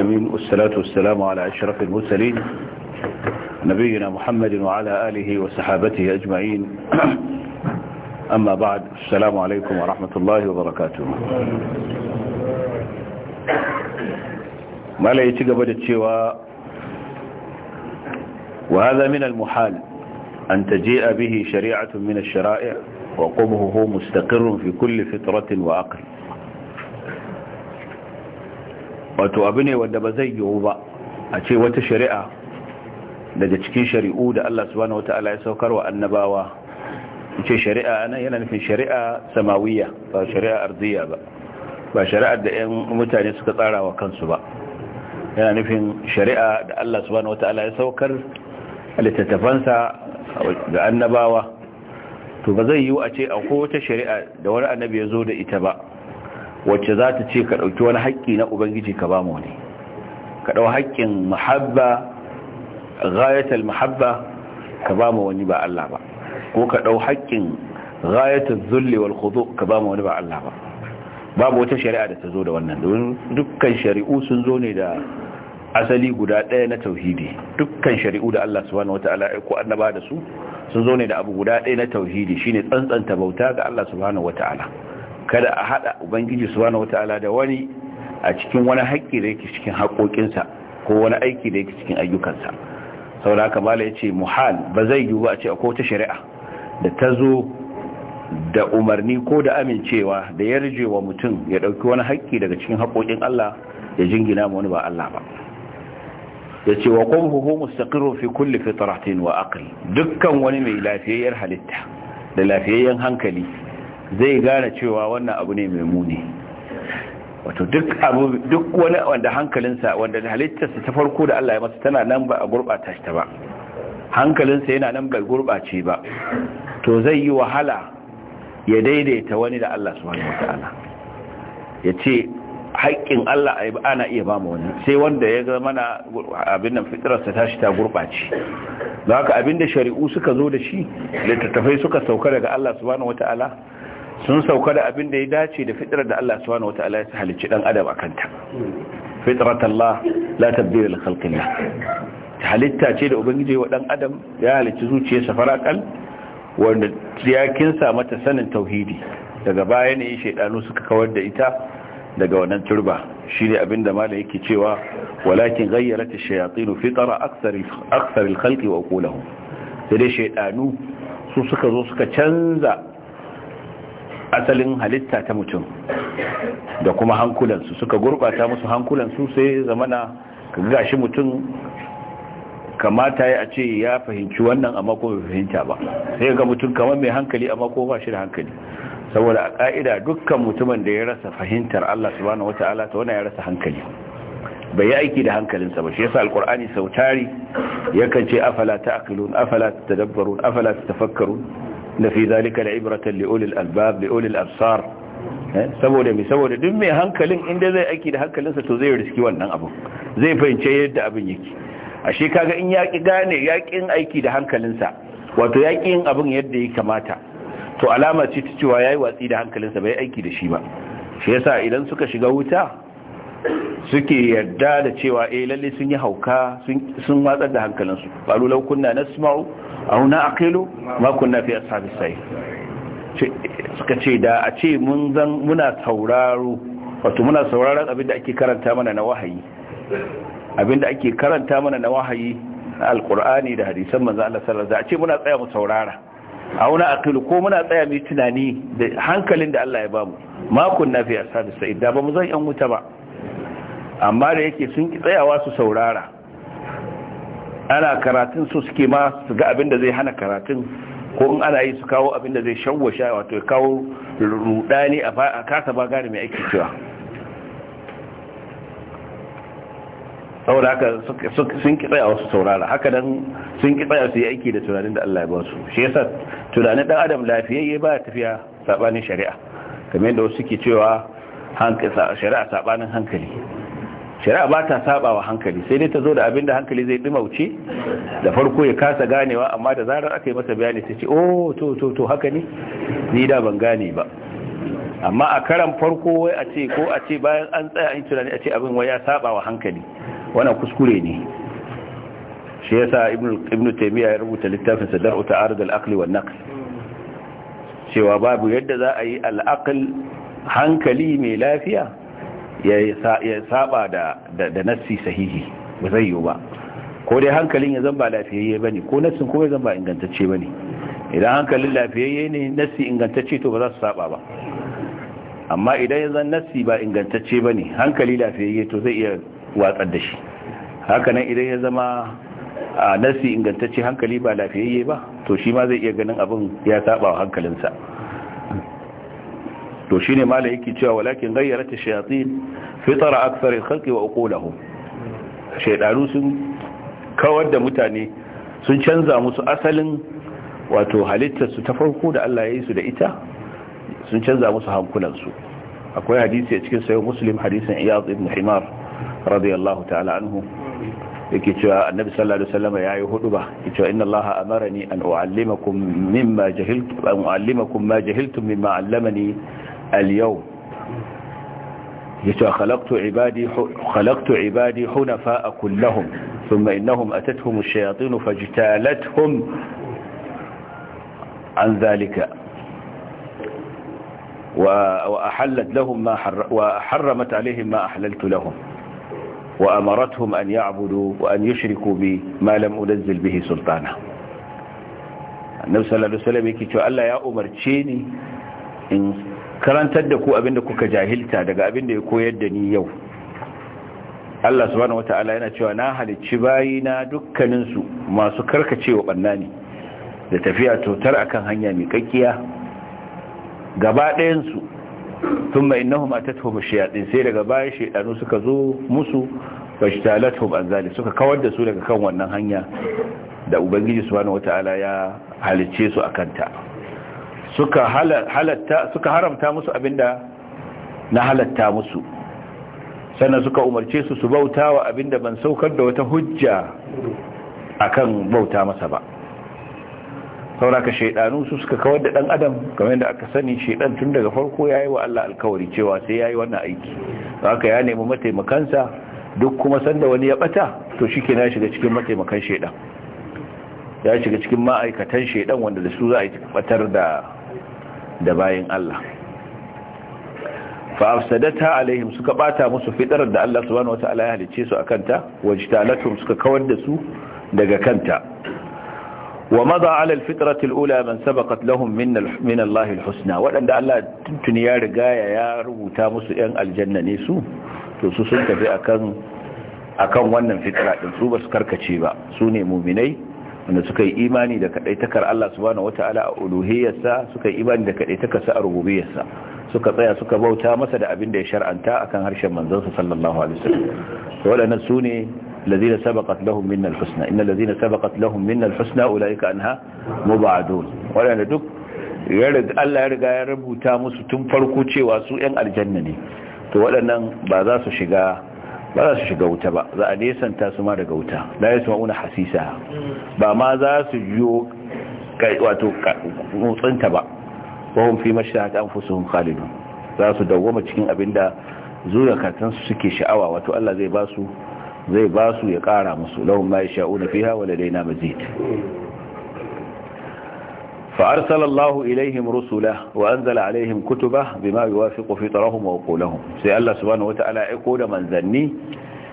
أمين والصلاة والسلام على أشرف المرسلين نبينا محمد وعلى آله وصحابته أجمعين أما بعد السلام عليكم ورحمة الله وبركاته ما لا يتقبل التشوى وهذا من المحال أن تجيء به شريعة من الشرائع وقبهه مستقر في كل فطرة وعقل wato abu ne wanda ba zai yiwu ba a ce wata shari'a daga cikin shari'u da Allah subhanahu wataala ya saukar wa annabawa ce shari'a ana yana nufin shari'a samawiya ba shari'a arziya ba ba shari'ar da 'yan mutane suka tsara wa kansu ba yana nufin shari'a da Allah subhanahu wataala ya saukar littattafansa ga annabawa to ba zai yiwu a ce akwai wata shari'a da wani annabi ya zo da ita ba wacce za ta ce ka ɗauki wani haƙƙi na ubangiji ka ba mu ne ka ɗau haƙƙin muhabba ghayatul muhabba ka ba mu wani ba Allah ba ko ka ɗau haƙƙin ghayatul zulli wal khudu ka ba mu wani ba Allah ba babu wata shari'a da ta zo da wannan domin dukkan shari'u sun zo ne da asali guda ɗaya na tauhidi dukkan shari'u da Allah subhanahu wataala ya ko annaba da su sun zo ne da abu guda ɗaya na tauhidi shine tsantsanta bauta ga Allah subhanahu wataala kada a hada ubangiji subhanahu wataala da wani a cikin wani haƙƙi da yake cikin haƙoƙinsa ko wani aiki da yake cikin ayyukansa saboda haka mala yace muhal ba zai yiwu ba a ce akwai wata shari'a da ta zo da umarni ko da amincewa da yarjewa mutum ya ɗauki wani haƙƙi daga cikin haƙoƙin Allah ya jingina ma wani ba Allah ba yace wa qawluhu mustaqirru fi kulli fitratin wa aqli dukkan wani mai lafiyayyar halitta da lafiyayyen hankali zai gane cewa wannan abu ne mai muni wato duk abu duk wani wanda hankalinsa wanda halittarsa ta farko da Allah ya masa tana nan ba a gurbata shi ta ba hankalinsa yana nan bai gurbace ba to zai yi wahala ya daidaita wani da Allah subhanahu wataala ya ce haƙƙin Allah ana iya ba mu wani sai wanda ya zama na abin nan fitrarsa ta shi ta gurɓace don haka abin da shari'u suka zo da shi littattafai suka sauka daga Allah subhanahu wataala sun sauka da abin da ya dace da fitrar da Allah subhanahu wataala ya halicci dan adam akanta fitratallah la tabdila li khalqillah halitta ce da ubangiji wa dan adam ya halicci zuciyarsa farakal wanda ya kinsa mata sanin tauhidi daga baya ne shaiɗanu suka kawar da ita daga wannan turba shine abinda malam yake cewa walakin ghayyarat ash-shayatin fitra akthar akthar al-khalqi wa aqulahum sai dai shaiɗanu su suka zo suka canza asalin halitta ta mutum da kuma hankulansu suka gurbata musu hankulansu sai zamana gashi mutum kamata ya ce ya fahimci wannan amma ko bai fahimta ba sai ga mutum kamar mai hankali amma ko ba shi da hankali saboda a ka'ida dukkan mutumin da ya rasa fahimtar Allah subhanahu wata'ala ta wannan ya rasa hankali bai yi aiki da hankalinsa ba shi yasa alkur'ani sautari yakan ce afala akilun afala tadabbarun afala tafakkarun. da fi zalika la'ibratan li ulil albab li absar saboda mai saboda duk mai hankalin inda zai aiki da hankalinsa to zai riski wannan abu zai fahimce yadda abin yake ashe kaga in yaƙi gane yakin aiki da hankalinsa wato yakin abin yadda ya kamata to alama ce ta cewa ya yi watsi da hankalinsa bai aiki da shi ba shi yasa idan suka shiga wuta suke yarda da cewa eh lalle sun yi hauka sun watsar da hankalinsu ba lulau kunna na nasma'u au na aqilu ma kunna fi ashabis sayf suka ce da a ce mun zan muna sauraro wato muna sauraron abinda ake karanta mana na wahayi abinda ake karanta mana na wahayi na alqur'ani da hadisan manzo Allah sallallahu alaihi wasallam a ce muna tsaya mu saurara a wani aqilu ko muna tsaya mu tunani da hankalin da Allah ya bamu ma kunna fi ashabis sayf da ba mu zan yan wuta ba amma da yake sun ki tsayawa su saurara ana karatun su suke ma su ga abin da zai hana karatun ko in ana yi su kawo abin da zai sha wato kawo rudani a kasa ba gane mai aiki cewa saboda haka sun ki tsaya wasu saurara haka nan sun ki tsaya su yi aiki da tunanin da Allah ya ba su shi yasa tunanin ɗan adam lafiyayye ba tafiya sabanin shari'a kamar yadda wasu suke cewa shari'a sabanin hankali shari'a ba ta saba wa hankali sai dai ta zo da abin da hankali zai dimauce da farko ya kasa ganewa amma da zarar aka yi masa bayani sai ce oh to to to haka ne ni da ban gane ba amma a karan farko wai a ce ko a ce bayan an tsaya an tunani a ce abin wai ya saba wa hankali wannan kuskure ne shi yasa ibnu ibnu taymiya ya rubuta littafin sa dar'u ta'arud al aql wan naql cewa babu yadda za a yi al-aql hankali mai lafiya ya saba da nassi sahihi ba zai yiwu ba ko dai hankalin ya zamba lafiyayye bane ko nassin kuma ya zamba ingantacce bane idan hankalin lafiyayye ne nassi ingantacce to ba za su saba ba amma idan ya zan nassi ba ingantacce bane hankali lafiyayye to zai iya watsar da shi hakanan idan ya zama a nassi ingantacce hankali ba lafiyayye ba to shi ma zai iya ganin abin ya saba wa hankalinsa to shine mala yake cewa walakin ghayyarat ta shayatin fitra akthar al-khalqi wa uqulahum shaydanu sun kawar da mutane sun canza musu asalin wato halittar su ta farko da Allah ya yi su da ita sun canza musu hankulansu akwai hadisi a cikin sayo muslim hadisin iyad ibn himar radiyallahu ta'ala anhu yake cewa annabi sallallahu alaihi wasallam yayi huduba yace inna allaha amarani an uallimakum mimma jahiltum an uallimakum ma jahiltum mimma allamani اليوم خلقت عبادي, خلقت عبادي حنفاء كلهم ثم إنهم أتتهم الشياطين فاجتالتهم عن ذلك وأحلت لهم ما حر وحرمت عليهم ما أحللت لهم وأمرتهم أن يعبدوا وأن يشركوا بي ما لم أنزل به سلطانا النبي صلى الله عليه وسلم يقول الله يا امرتشيني إن karantar da ku abinda kuka jahilta daga abinda ya koyar da ni yau Allah subhanahu wata'ala yana cewa na halicci bayina dukkaninsu masu karkacewa bannani da tafiya totar akan hanya mai kakkiya gaba ɗayansu tun mai innahu matattun shayaɗin sai daga baya shaidanu suka zo musu fashtalatuhum azali suka kawar da su daga kan wannan hanya da ubangiji subhanahu wata'ala ya halicce su akanta suka halatta suka haramta musu abinda na halatta musu sannan suka umarce su su bauta wa abinda ban saukar da wata hujja akan bauta masa ba sauraka shaidanu su suka kawar da dan adam kamar yadda aka sani shaidan tun daga farko yayi wa Allah alkawari cewa sai yayi wannan aiki haka ya nemi mataimakansa duk kuma sanda wani ya bata to shike na shiga cikin mataimakan shaidan ya shiga cikin ma'aikatan shaidan wanda da su za a batar da da bayan Allah fa afsadata alaihim suka bata musu fitrar da Allah subhanahu wataala ya halice su akanta wajtalatum suka kawar da su daga kanta wa madha ala alfitrati alula man sabaqat lahum min min Allah alhusna wadanda Allah tuntuni ya riga ya rubuta musu yan aljanna ne su to su sun tafi akan akan wannan fitra din su basu karkace ba su ne mu'minai wanda suka yi imani da kadaitakar Allah subhanahu wataala a uluhiyyarsa suka yi imani da kadaitakar sa a rububiyyarsa suka tsaya suka bauta masa da abin da ya shar'anta akan harshen manzon sa sallallahu alaihi wasallam wadannan sune الذين سبقت لهم منا الحسنى ان الذين سبقت لهم منا الحسنى اولئك عنها مبعدون wadanda duk Allah ya riga ya rubuta musu tun farko cewa su 'yan aljanna ne to waɗannan ba za su shiga ba za su shiga wuta ba za a nesanta su ma daga wuta la ya suma hasisa ba ma za su jiyo wato motsinta ba wahun fi mashi haka an fusu hun khalidun za su dawoma cikin abin da su suke sha'awa wato Allah zai ba su zai ba su ya kara musu lahun ma ya sha'una fiha wa daina mazid فأرسل الله إليهم رسله وأنزل عليهم كتبه بما يوافق فطرهم وقولهم سي الله سبحانه وتعالى يقول من ذني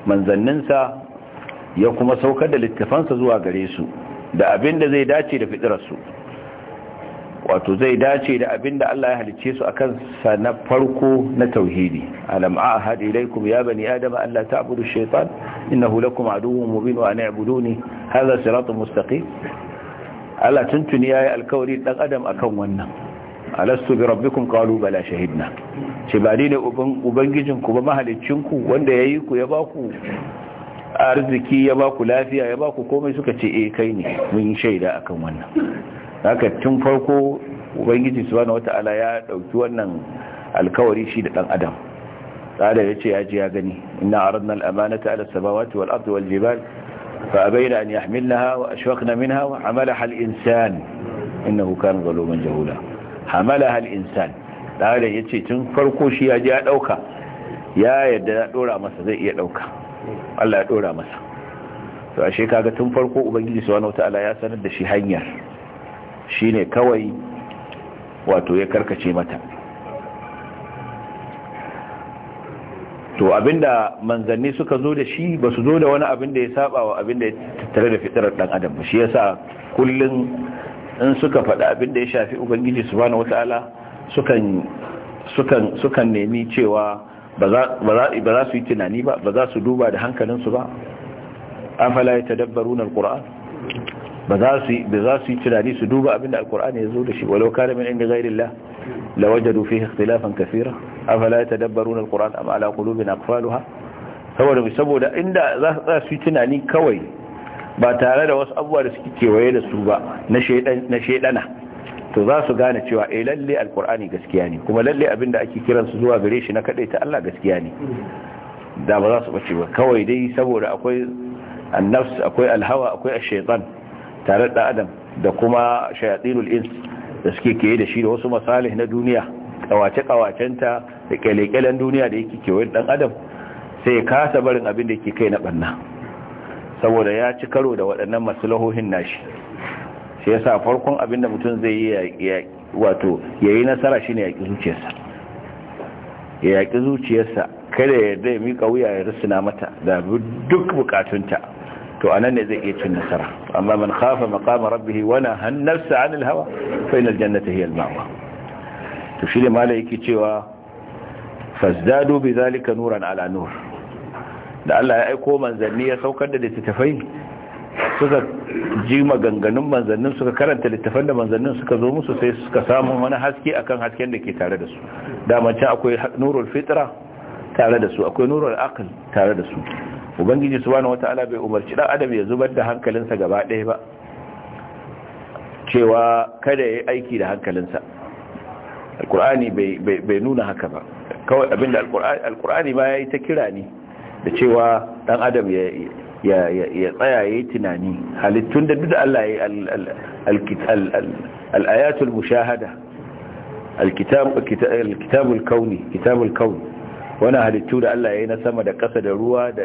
من ذننسى يقوم سوكا للتفانس زوا قريسو da abin da zai dace da fitirarsu wato zai dace da abin da Allah ya halicce su akan sa na farko na tauhidi alam ahad ilaykum ya bani adama an la ta'budu ash-shaytan innahu lakum aduwwun mubin wa an i'buduni hadha siratun mustaqim Allah tuntuni yi alkawari dan adam akan wannan alastu bi rabbikum qalu bala shahidna ce ba ne ubangijin ku ba mahaliccin ku wanda yayi ku ya ku arziki ya baku lafiya ya baku komai suka ce eh kai ne mun shaida akan wannan haka tun farko ubangiji subhanahu wataala ya ɗauki wannan alkawari shi da dan adam tsada yace ya ji ya gani inna aradna al-amanata ala samawati wal ardi wal فأبين أن يحملنها وأشفقن منها وحملها الإنسان إنه كان ظلوما جهولا حملها الإنسان قال يتي تنفرقوا شيء جاء دوكا يا يدنا دورا مسا زي iya dauka Allah ya dora masa to ashe kaga tun farko ubangiji wata ala ya sanar da shi hanyar shine kawai wato ya karkace mata to abinda manzanni suka zo da shi ba su zo da wani abinda ya saba wa abinda ya tattare da fitarar dan adam shi yasa kullun in suka faɗa abinda ya shafi ubangiji subhanahu wataala sukan sukan sukan nemi cewa ba za su yi tunani ba ba za su duba da hankalin su ba afala ya tadabbaruna alquran ba za su yi tunani su duba abinda alkurani ya zo da shi walau kana min inda ghairillah lawajadu fihi ikhtilafan kaseera afala yatadabbaruna alqur'an am ala qulubin aqfalha saboda saboda inda za su tunani kawai ba tare da wasu abubuwa da suke kewaye da su ba na shaidana, to za su gane cewa eh lalle alkur'ani gaskiya ne kuma lalle abinda ake kiransu zuwa gare shi na ta Allah gaskiya ne da ba za su bace ba kawai dai saboda akwai annafs akwai alhawa akwai ash tare da adam da kuma shayatinul ins da suke keye da shi da wasu masalih na duniya kawace-kawacenta da kyale-kyalen duniya da yake kewayen dan adam sai ya kasa barin abin da yake kai na banna saboda ya ci karo da waɗannan masalahohin nashi shi yasa farkon abin da mutum zai yi wato yayi nasara shine yaki zuciyarsa yaki zuciyarsa kada ya yarda ya mika wuya ya rusuna mata da duk bukatunta to anan ne zai iya cin nasara amma man khafa maqama rabbih wa naha an-nafsa 'anil hawa fa inal jannata hiya al-ma'wa to shi ne malai yake cewa fazdadu zalika nuran ala nur da Allah ya aiko manzanni ya saukar da littafai suka ji maganganun manzannin suka karanta littafan da manzannin suka zo musu sai suka samu wani haske akan hasken da ke tare da su damancin akwai nurul fitra tare da su akwai nurul aql tare da su ubangiji subhanahu wataala bai umarci dan adam ya zubar da hankalinsa gaba ɗaya ba cewa kada ya yi aiki da hankalinsa alkur'ani bai nuna haka ba kawai abinda alkur'ani ma ya yi ta kira ne da cewa dan adam ya tsaya ya yi tunani halittun da duk Allah ya yi al'ayatul mushahada kitabul kauni wani halittu da Allah ya yi na sama da ƙasa da ruwa da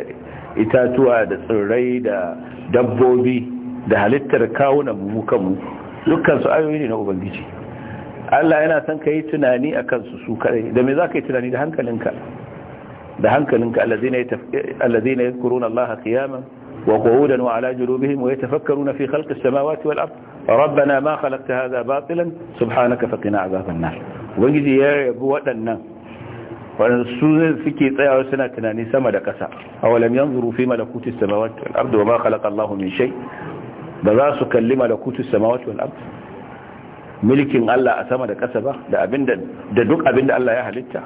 itatuwa da tsirrai da dabbobi da halittar kawunan mu kanmu dukkan ayoyi ne na ubangiji Allah yana son ka yi tunani a kansu su kare da me za ka yi tunani da hankalinka da hankalinka allazina yadhkuruna Allah Kiyama, wa qu'udan wa ala junubihim wa na fi khalqi samawati wal rabbana ma khalaqta hadha batilan subhanaka faqina adhaban nar ubangiji ya yabi waɗannan waɗansu suke tsayawa suna tunani sama da ƙasa a walam yan zuru fi malakutu samawati wal abdu wa ma khalaqa Allahu min shay ba za su kalli malakutu samawati wal abdu mulkin Allah a sama da ƙasa ba da abinda da duk abinda Allah ya halitta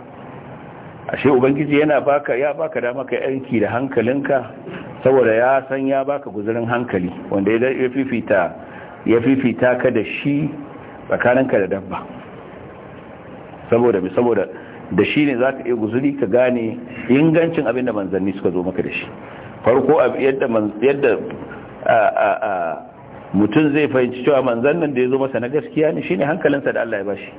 ashe ubangiji yana baka ya baka dama maka yanki da hankalinka saboda ya san ya baka guzurin hankali wanda ya fifita ya fifita ka da shi tsakaninka da dabba saboda saboda da shi ne za ka iya guzuri ka gane ingancin abin da manzanni suka zo maka da shi farko yadda mutum zai fahimci cewa manzannin da ya zo masa na gaskiya ne shine hankalinsa da Allah ya bashi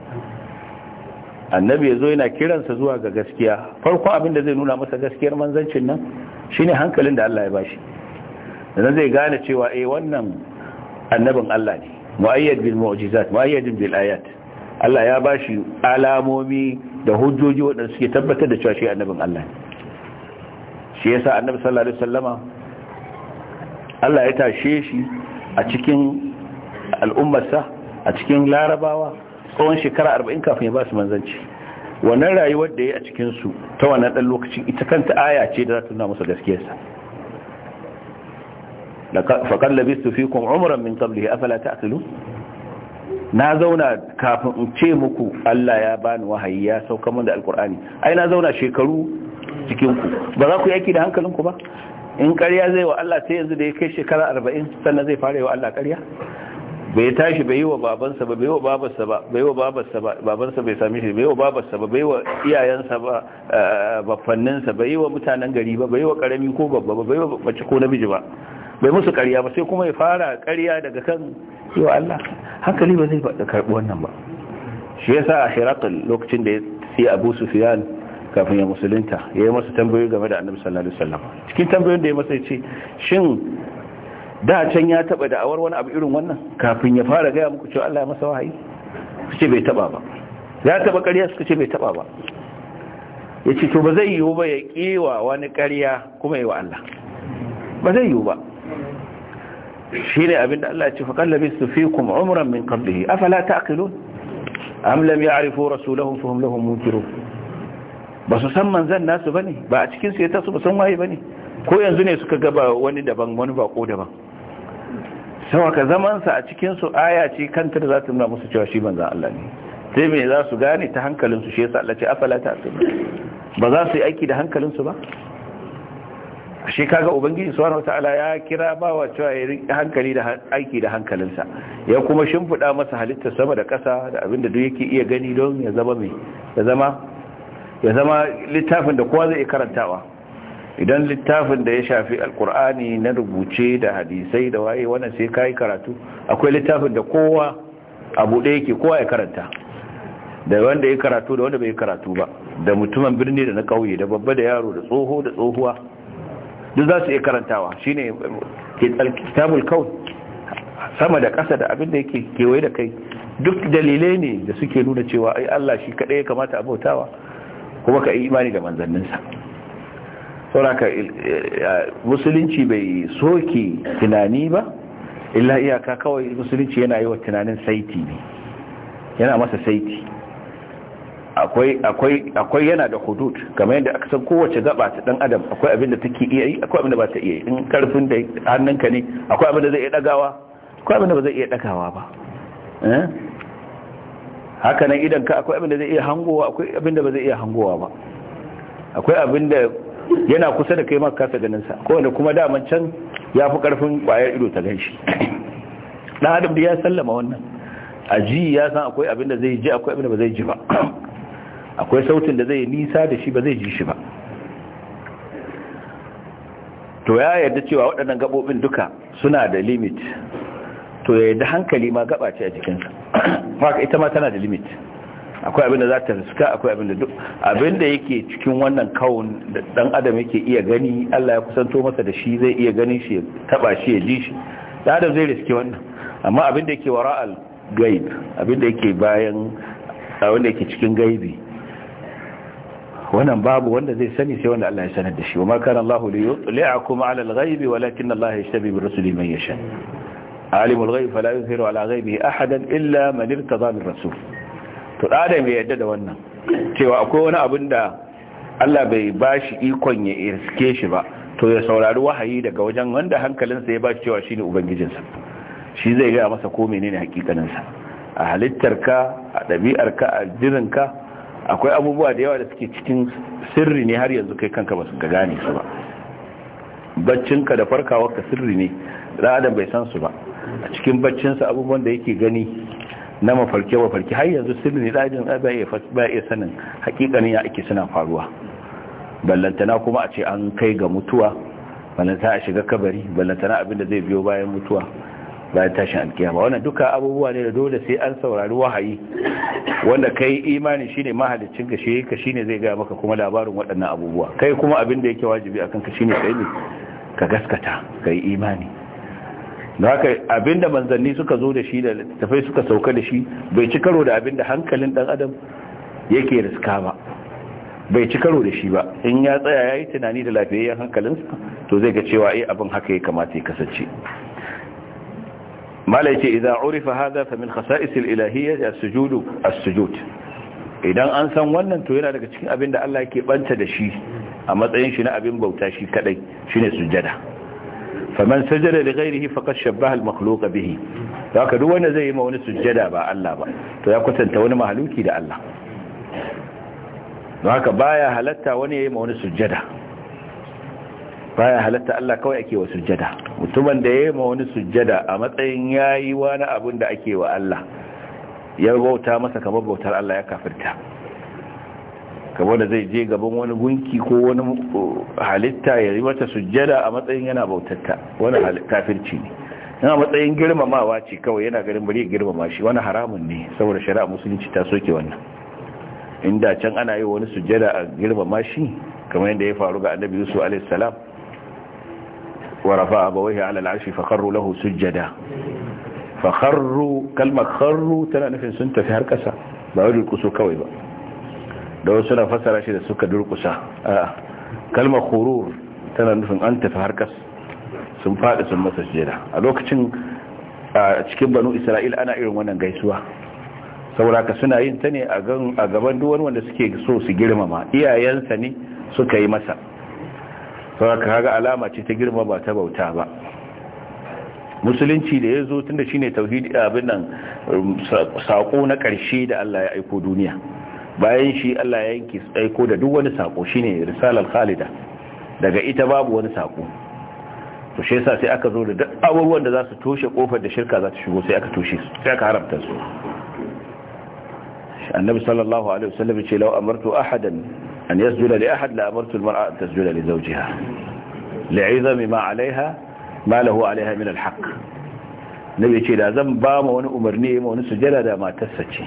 annabi ya zo yana kiransa zuwa ga gaskiya farkon abin da zai nuna masa gaskiyar manzancin nan shine hankalin da Allah ya bashi da zai gane cewa eh wannan annabin Allah ne muayyad bil mu'jizat muayyadin bil ayat Allah ya ba shi alamomi da hujjoji waɗanda suke tabbatar da cewa shi annabin Allah shi ya sa annabi sallallahu alaihi wasallama Allah ya tashe shi a cikin al'ummarsa a cikin larabawa tsawon shekara 40 kafin ya ba su manzanci wannan rayuwar da ya a cikin su ta wannan dan lokacin ita kanta aya ce da za ta nuna musu gaskiyarsa faqad labistu fikum umran min qablihi afala ta'qilun na zauna kafin in ce muku Allah ya bani wahayi ya sauka min da alkur'ani ai na zauna shekaru cikin ku ba za ku yaki da hankalin ku ba in ƙarya zai wa Allah sai yanzu da ya kai shekara 40 sannan zai fara yi wa Allah ƙarya bai tashi bai yi wa babansa ba bai yi wa babarsa ba bai yi wa babarsa ba babansa bai same shi bai yi wa babarsa ba bai yi wa iyayensa ba eh, bafanninsa bai yi wa mutanen gari ba bai yi wa karami ko babba ba bai yi wa mace ko namiji ba bai musu ƙarya ba sai kuma ya fara ƙarya daga kan yi wa Allah hankali ba zai faɗa karɓi wannan ba shi yasa a shirakul lokacin da ya fi abu sufiyan kafin ya musulunta ya yi masa tambayoyi game da annabi sallallahu alaihi wasallam cikin tambayoyin da ya masa ce shin da can ya taɓa da'awar wani abu irin wannan kafin ya fara gaya muku cewa Allah ya masa wahayi ce bai taɓa ba ya taɓa ƙarya suka ce bai taɓa ba ya ce to ba zai yiwu ba ya kewa wani ƙarya kuma yi wa Allah ba zai yiwu ba shine abinda Allah ya ce fa qallabi fikum umran min qablihi afala taqilun am lam ya'rifu rasulahum fa hum lahum munkirun ba su san manzan nasu bane ba a cikin su ya tasu ba san waye bane ko yanzu ne suka gaba wani daban wani bako daban sau ka zamansa a cikinsu aya ce kanta da za ta nuna musu cewa shi manzan Allah ne sai me za su gane ta hankalinsu shi yasa Allah ce afala ta ba za su yi aiki da hankalinsu ba ashe kaga ubangiji subhanahu wataala ya kira bawa cewa ya hankali da aiki da hankalinsa ya kuma shimfida masa halittar sama da kasa da abinda duk yake iya gani don ya zama mai ya zama littafin da kowa zai karantawa idan littafin da ya shafi alkur'ani na rubuce da hadisai da waye wannan sai kai karatu akwai littafin da kowa abu ɗaya yake kowa ya karanta da wanda ya karatu da wanda bai karatu ba da mutumin birni da na kauye, da babba da yaro da tsoho da tsohuwa duk za su iya karantawa shi ne kitabul kawun sama da kasa da abin da yake kewaye da kai duk dalilai ne da suke nuna cewa ai Allah shi kaɗai ya kamata a bautawa kuma ka yi imani da manzanninsa sauraka eh, musulunci bai soke tunani ba illa iyaka kawai musulunci yana yi wa tunanin saiti ne yana masa saiti akwai yana da hudud kamar yadda aka san kowace gaba ta dan adam akwai abin da take iya yi akwai abin da ba ta iya yi in karfin da hannunka ne akwai abin da zai iya dagawa akwai abin da ba zai iya dagawa ba eh? haka nan idan ka akwai abin da zai iya hangowa akwai abin da ba zai iya hangowa ba akwai abin da yana kusa da kai ma kasa ganin sa ko wanda kuma man can ya fi karfin kwayar ido ta ganshi dan adam da ya sallama wannan aji ya san akwai abin da zai ji akwai abin da ba zai ji ba akwai sautin da zai nisa da shi ba zai ji shi ba to ya yarda cewa waɗannan gaɓoɓin duka suna da limit to ya yarda hankali ma gaba ce a jikinsa haka ita ma tana da limit akwai abinda za ta suka akwai abinda duk da yake cikin wannan kawun da ɗan adam yake iya gani Allah ya kusanto masa da shi zai iya ganin shi taba shi ya ji shi dan adam zai riske wannan amma abinda yake wara'al gaib abinda yake bayan abinda yake cikin gaibi wannan babu wanda zai sani sai wanda Allah ya sanar da shi wa ma kana Allahu li yutli'akum 'ala al-ghaibi walakin Allah yashtabi bi rusuli man yasha alimul ghaibi fala yuzhiru 'ala ghaibihi ahadan illa man irtada min rasul to adam mai yadda da wannan cewa akwai wani abin da Allah bai bashi ikon ya iske shi ba to ya saurari wahayi daga wajen wanda hankalinsa ya bashi cewa shine ubangijinsa shi zai ga masa ko menene hakikaninsa a halittarka a ɗabi'arka a jirinka akwai abubuwa da yawa da suke cikin sirri ne har yanzu kai kanka ba su ka gane su ba baccinka da farkawarka sirri ne adam bai san su ba a cikin baccinsa abubuwan da yake gani na mafarki mafarki har yanzu sirri ne ɗadan ba iya sanin hakikanin ya ake suna faruwa ballantana kuma a ce an kai ga mutuwa ballantana a shiga kabari ballantana abin da zai biyo bayan mutuwa bayan tashin alkiyama wannan duka abubuwa ne da dole sai an saurari wahayi wanda kai imani shine mahalicin ka shi ka shine zai gaya maka kuma labarin waɗannan abubuwa kai kuma abin da yake wajibi akan ka shine kai ne ka gaskata kai imani da haka abinda manzanni suka zo da shi da tafai suka sauka da shi bai ci karo da abinda hankalin dan adam yake riska ba bai ci karo da shi ba in ya tsaya ya yi tunani da lafiyayyen hankalinsa to zai ga cewa eh abin haka ya kamata ya kasance malai ce idan urifa hada fa min khasa'isil ilahiyya as-sujudu as-sujud idan an san wannan to yana daga cikin abin da Allah yake banta da shi a matsayin shi na abin bauta shi kadai shine sujada faman sajada li ghayrihi faqad shabbaha al-makhluq bihi haka duk wanda zai yi ma wani sujada ba Allah ba to ya kwatanta wani mahaluki da Allah don haka baya halatta wani ya yi ma wani sujada baya halatta Allah kawai ake wa sujjada mutumin da yayi ma wani sujjada a matsayin yayi wani abun da ake wa Allah ya bauta masa kamar bautar Allah ya kafirta kamar da zai je gaban wani gunki ko wani halitta ya yi mata sujjada a matsayin yana bautarta wani kafirci ne yana matsayin girmamawa ce kawai yana ganin bari girmama shi wani haramun ne saboda shari'a musulunci ta soke wannan inda can ana yi wani sujjada a girmama shi kamar yadda ya faru ga annabi yusuf alaihi salam ورفع أبويه على العرش فخروا له سجدا فخروا كلمة خروا تنا نفس سنت في هركسة بقول القسو كويبا بقى لو سنة فسر عشد السكة دول قسا كلمة خرور تنا نفس أنت في هركس sun faɗi sun masa sujada a lokacin a cikin banu isra'il ana irin wannan suna yin ta ne a gaban duwan wanda suke so su girmama iyayensa ne suka yi masa saboda kaga alama ce ta girma ba ta bauta ba musulunci da ya zo tun da shi ne tauhidi abin nan saƙo na ƙarshe da Allah ya aiko duniya bayan shi Allah ya yanki aiko da duk wani saƙo shi ne risalar khalida daga ita babu wani saƙo to shi yasa sai aka zo da duk abubuwan da za su toshe kofar da shirka za ta shigo sai aka toshe su sai aka haramta su annabi sallallahu alaihi wasallam ce law amartu ahadan أن يسجد لأحد لأمرت المرأة أن تسجد لزوجها لعظم ما عليها ما له عليها من الحق nabi ce da zan ba ma wani umarni ma wani sujada da matarsa ce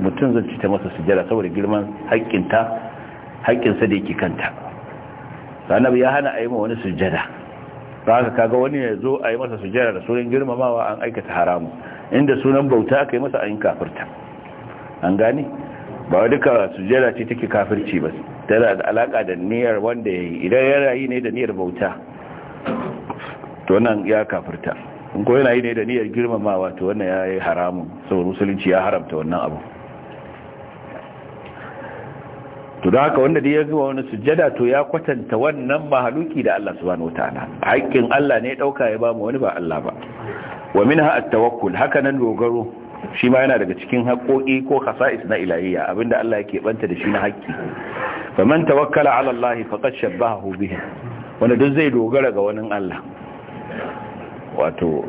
mutum zan ci ta masa sujada saboda girman haƙƙinta haƙƙinsa da yake kanta annabi ya hana a yi ma wani sujada ba haka kaga wani ya zo a yi masa sujada da sunan girmamawa an aikata haramu inda sunan bauta aka yi masa an kafirta an gane ba duka sujjada ce take kafirci ba tana da alaka da niyyar wanda yi idan yana yi ne da niyyar bauta to wannan ya kafirta in ko yana yi ne da niyyar girmamawa to wannan ya yi haramun saboda musulunci ya haramta wannan abu to da haka wanda da ya zuwa wani sujjada to ya kwatanta wannan mahaluki da Allah subhanahu wataala haƙƙin Allah ne dauka ya ba mu wani ba Allah ba wa minha at-tawakkul haka nan dogaro shi ma yana daga cikin haƙoƙi ko khasa'is na ilahiyya abinda Allah yake banta da shi na haƙƙi man tawakkala ala Allah faqad shabbahu bihi wanda duk zai dogara ga wani Allah wato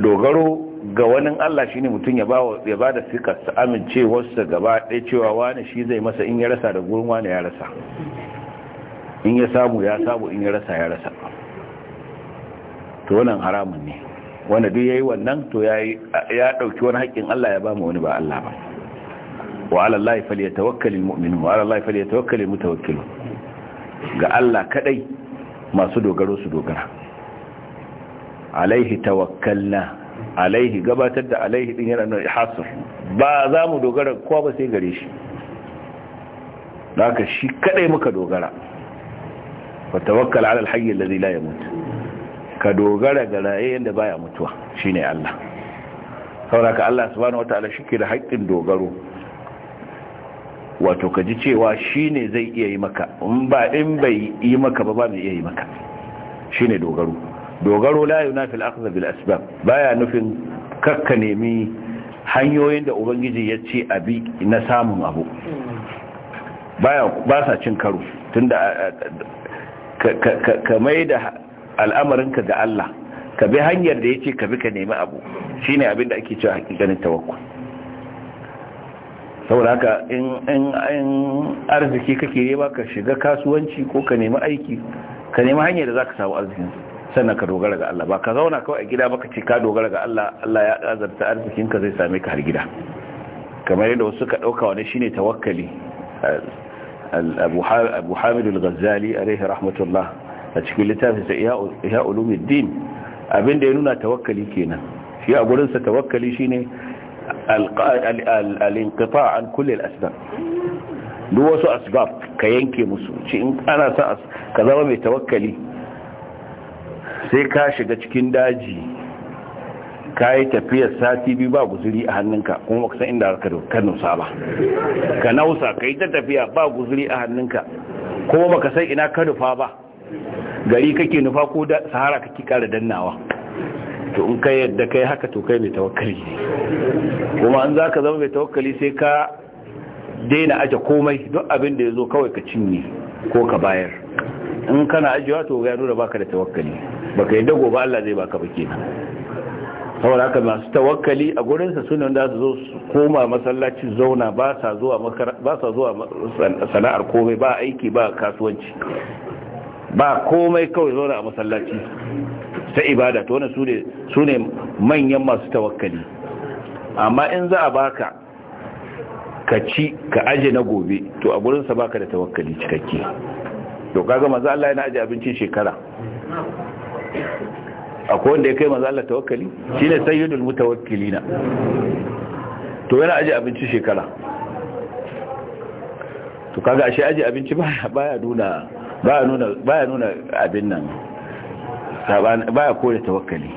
dogaro ga wani Allah shine mutum ya bawo ya bada sikar sa amincewar sa gaba ɗaya cewa wani shi zai masa in ya rasa da gurin wani ya rasa in ya samu ya samu in ya rasa ya rasa to wannan haramun ne wanda duk yayi wannan to yayi ya dauki wani haƙin Allah ya ba mu wani ba Allah ba wa ala Allah falyatawakkalul mu'minu wa ala Allah falyatawakkalul mutawakkilu ga Allah kadai masu dogaro su dogara alaihi tawakkalna alaihi gabatar da alaihi din yana nan hasir ba za mu dogara ko ba sai gare shi da haka shi kadai muka dogara wa tawakkal ala alhayy alladhi la yamut ka dogara ga rayayyen da baya mutuwa shine Allah sauraka Allah subhanahu wataala shike da haƙƙin dogaro wato ka ji cewa shine zai iya yi maka in ba in bai yi maka ba ba mai iya yi maka shine dogaro dogaro la yunafi al-akhdh bil asbab baya nufin kakka nemi hanyoyin da ubangiji ya ce abi na samun abu baya ba sa cin karo tunda ka mai da al'amarinka ga Allah ka bi hanyar da yace ka bi ka nemi abu shine abin da ake cewa hakikanin tawakkul saboda haka in in arziki kake ba ka shiga kasuwanci ko ka nemi aiki ka nemi hanyar da zaka samu arzikin sannan ka dogara ga Allah ba ka zauna kawai a gida ba ka ce ka dogara ga Allah Allah ya azarta arzikin ka zai same ka har gida kamar yadda wasu ka dauka wani shine tawakkali Abu Hamid al-Ghazali alaihi rahmatullah a cikin littafin sa ihya din, abinda ya nuna tawakkali kenan shi a gurin sa tawakkali shine al-inqita' an kulli al-asbab duk wasu asbab ka yanke musu ci in ana sa ka zama mai tawakkali sai ka shiga cikin daji ka yi tafiyar sati biyu ba guzuri a hannunka kuma baka san inda ka nusa ba ka nausa ka yi ta tafiya ba guzuri a hannunka kuma baka san ina ka nufa ba gari kake nufa ko da sahara kake kara dannawa to in kai yadda kai haka to kai mai tawakkali kuma an zaka zama mai tawakkali sai ka daina aje komai duk abin da yazo kawai ka cinye ko ka bayar in kana ajiyewa to ya nuna baka da tawakkali baka yadda gobe Allah zai baka ba kenan saboda haka masu tawakkali a gurinsa sunan da su zo su koma masallacin zauna ba sa zuwa sana'ar komai ba aiki ba kasuwanci ba komai kawai zaune a masallaci ta ibada to wani su ne manyan masu tawakkali amma in za a baka ka ci ka aje na gobe to a gurinsa baka da tawakkali cikakke to kaga maza Allah yana aje abincin shekara akwai wanda ya kai maza Allah tawakkali shine sayyidul mutawakkilina to yana aje abincin shekara to kaga ashe aje abinci baya baya nuna baya nuna nuna abin nan baya kore tawakkali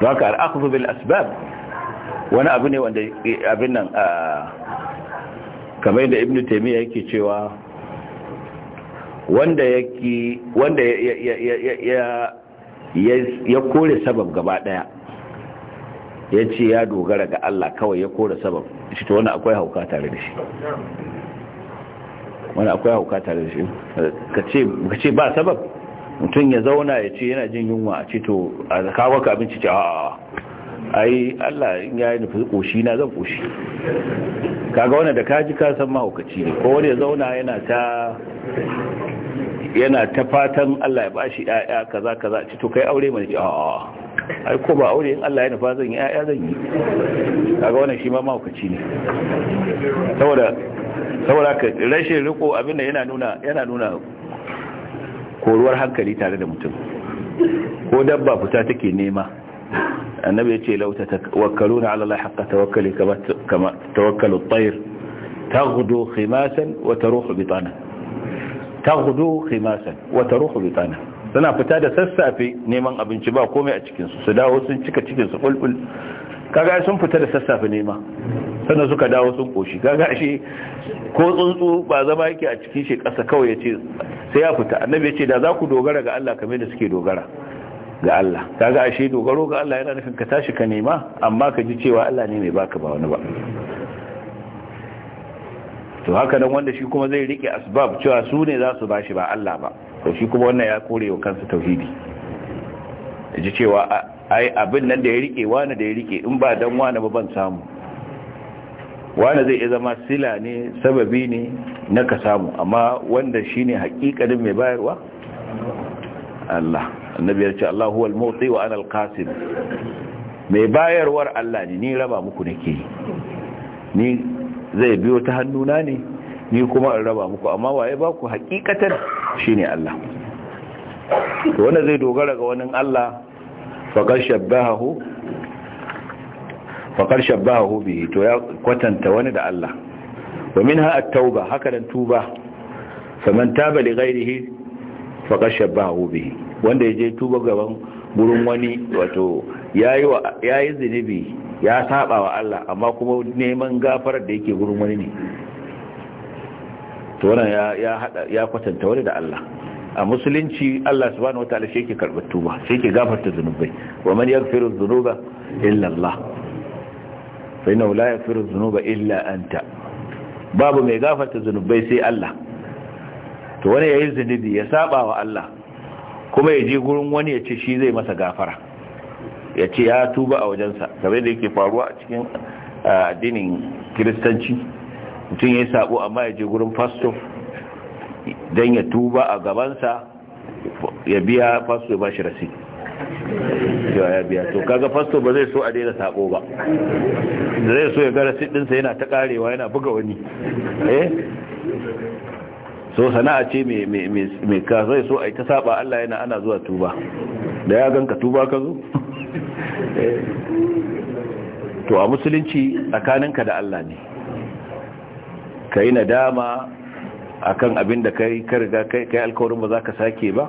don haka al'akhdhu bil asbab wani abu ne wanda abin nan kamar yadda ibnu ya yake cewa wanda yake wanda ya kore sabab gaba daya ya ce ya dogara ga Allah kawai ya kore sabab shi to wani akwai hauka tare da shi wani akwai hauka tare da shi ka ce ba sabab mutum ya zauna ya ce yana jin yunwa a ce to a kawo ka abinci ce a ai Allah in ya yi nufi koshi na zan koshi kaga wani da kaji ka san mahaukaci ne ko wani ya zauna yana ta yana ta fatan Allah ya bashi ƴaƴa kaza kaza ci to kai aure mai a ai ko ba aure in Allah ya nufa zan yi ƴaƴa zan yi kaga wani shi ma mahaukaci ne saboda saboda ka rashin riko abinda yana nuna yana nuna koruwar hankali tare da mutum ko dabba fita take nema annabi ya ce lauta tawakkaluna ala Allah haqqa tawakkali kama tawakkalu at-tayr taghdu khimasan wa taruhu bitana taghdu khimasan wa taruhu bitana suna fita da sassafe neman abinci ba komai a cikin su su dawo sun cika cikin su kulkul kaga sun fita da sassafe nema sannan suka dawo sun koshi gaga shi ko tsuntsu ba zama yake a cikin shi ƙasa kawai ya ce sai ya fita annabi ya ce da za ku dogara ga Allah kamar da suke dogara ga Allah kaga ashe dogaro ga Allah yana nufin ka tashi ka nema amma ka ji cewa Allah ne mai baka ba wani ba to haka nan wanda shi kuma zai rike asbab cewa su ne za su bashi ba Allah ba to shi kuma wannan ya kore wa kansa tauhidi ji cewa ai abin nan da ya rike wani da ya rike in ba dan wani ba ban samu wanda zai iya zama sila ne sababi ne na ka samu amma wanda shi ne hakikalin mai bayarwa Allah annabi ya ce Allah huwal motsi wa anal al-qasim mai bayarwar Allah ne ni raba muku ke, ni zai biyo ta hannuna ne ni kuma in raba muku amma waye ba ku Shi ne Allah to wanda zai dogara ga wani Allah faqad shabbahu faƙar shabba hobi to ya kwatanta wani da Allah wa min ha tauba haka da tuba faman taba da ghairihi faƙar shabba hobi wanda ya je tuba gaban gurin wani wato ya yi zunubi ya saba wa Allah amma kuma neman gafarar da yake gurin wani ne to wannan ya kwatanta wani da Allah a musulunci Allah subhanahu wataala shi yake karɓar tuba shi yake gafarta zunubai wa man yaghfiru dhunuba illa Allah fa innahu la yaghfiru dhunuba illa anta babu mai gafarta zunubai sai Allah to wani yayin zunubi ya saba wa Allah kuma ya je gurin wani ya ce shi zai masa gafara ya ce ya tuba a wajensa game da yake faruwa a cikin addinin kiristanci mutum ya yi sabo amma ya je gurin fasto don ya tuba a gabansa ya biya fasto ya bashi rasi ya biya to kaga fasto ba zai so a daina sako ba zai so ya gara siddinsa yana ta karewa yana buga wani eh so sana'a ce mai ka zai so a yi ta saba Allah yana ana zuwa tuba da ya ganka tuba ka zo eh. to a musulunci tsakaninka da Allah ne ka yi nadama akan abin da kai kar riga kai alkawarin ba za ka sake ba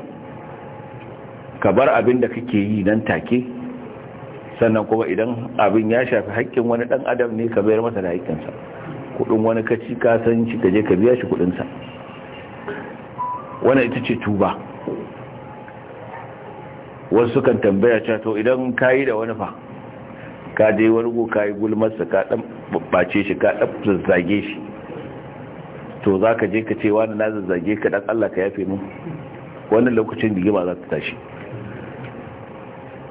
ka bar abin da kake yi nan take sannan kuma idan abin ya shafi haƙƙin wani ɗan adam ne ka bayar masa da haƙƙinsa kuɗin wani kaci ka san shi ka je ka biya shi kuɗinsa wannan ita ce tuba wasu kan tambaya cewa to idan ka yi da wani fa ka je wani go ka yi gulmarsa ka ɗan bace shi ka ɗan zazzage shi to za ka je ka ce wani na zazzage ka ɗan allah ka yafe mu wannan lokacin rigima za ta tashi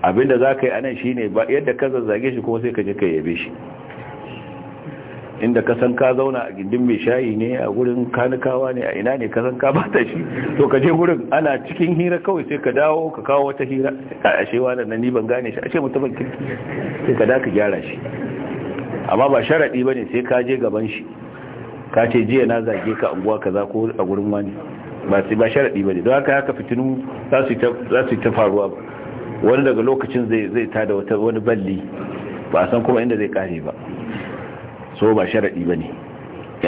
abinda za ka yi anan shi ne ba yadda ka zazzage shi kuma sai ka je ka yabe shi inda ka san ka zauna a gindin mai shayi ne a gurin kanukawa ne a ina ne ka san ka bata shi to ka je gurin ana cikin hira kawai sai ka dawo ka kawo wata hira a ashewa wa nan ni ban gane shi ashe mutumin kirki sai ka da ka gyara shi amma ba sharaɗi ba ne sai ka je gaban shi ka ce jiya na zage ka unguwa kaza ko a gurin wani ba sai ba sharaɗi ba ne don haka haka fitinu za su ta faruwa ba wani daga lokacin zai tada wata wani balli ba a san kuma inda zai kare ba so ba sharaɗi ba ne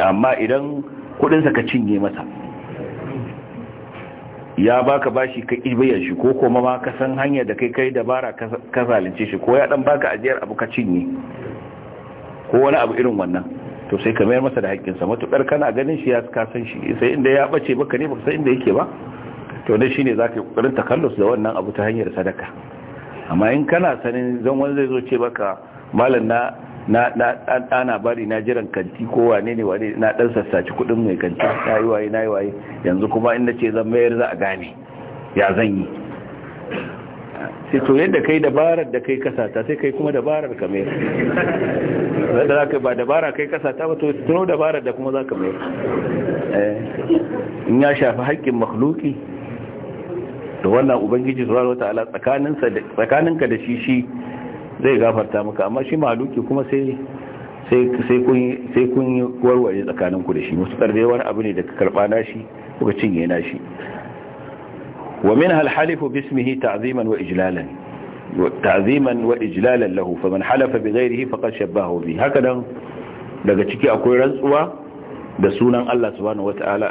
amma idan kudinsa ka cinye masa ya baka bashi ka ƙibayar shi ko kuma ma ka san hanyar da kai kai dabara ka zalince shi ko ya dan baka ajiyar abu ka cinye ko wani abu irin wannan to sai ka mayar masa da haƙƙinsa matuƙar kana ganin shi ya ka shi sai inda ya bace baka ne ba san inda yake ba to dai shine za ka yi ƙoƙarin takallus da wannan abu ta hanyar sadaka amma in kana sanin zan wani zai zo ce baka malam na na ana bari na jiran kanti ko wane ne wane na dan sassaci kudin mai kanti na yi waye na yi waye yanzu kuma inda ce zan mayar za a gane ya zan yi sai to yadda kai dabarar da kai kasata sai kai kuma dabarar ka mai wanda za ka ba dabara kai kasata ba to tuno dabarar da kuma za ka mai eh, in ya shafi haƙƙin makhluki da wannan ubangiji subhanahu wataala ala tsakaninka da shi shi zai gafarta maka amma shi maluki kuma sai kun yi warware tsakaninku da shi musu karbe wani abu ne da ka karba shi kuka cinye nashi wa min halhalifu bismihi ta'ziman wa ijlalan ta'ziman wa ijlalan lahu faman halafa bi ghairihi faqad shabbahu bi haka dan daga ciki akwai rantsuwa da sunan Allah subhanahu wata'ala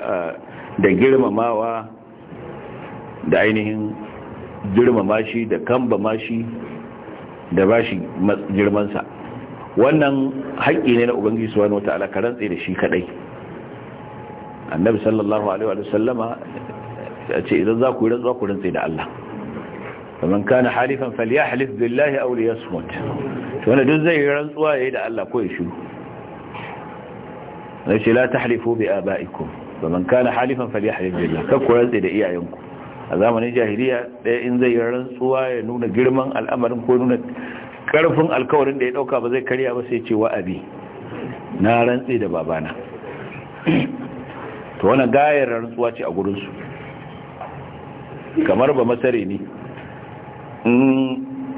da girmamawa da ainihin girmama shi da kambama shi da bashi shi girmansa wannan haƙƙi ne na ubangiji su wani wata alakaran tsaye da shi kaɗai annabi sallallahu alaihi wa sallama ya ce idan za ku yi rantsuwa ku rantsi da Allah kamar kana halifan falya halif billahi aure ya smut wanda duk zai yi rantsuwa ya yi da Allah ko ya shiru Na ce la ta halifu bi a ba'ikum kamar kana halifan falya halif billahi kakku rantsi da iyayenku a zamanin jahiliya ɗaya in zai rantsuwa ya nuna girman al'amarin ko nuna karfin alkawarin da ya ɗauka ba zai karya ba sai ce wa'abi na rantsi da babana to wani gayar rantsuwa ce a gurinsu kamar ba masare ne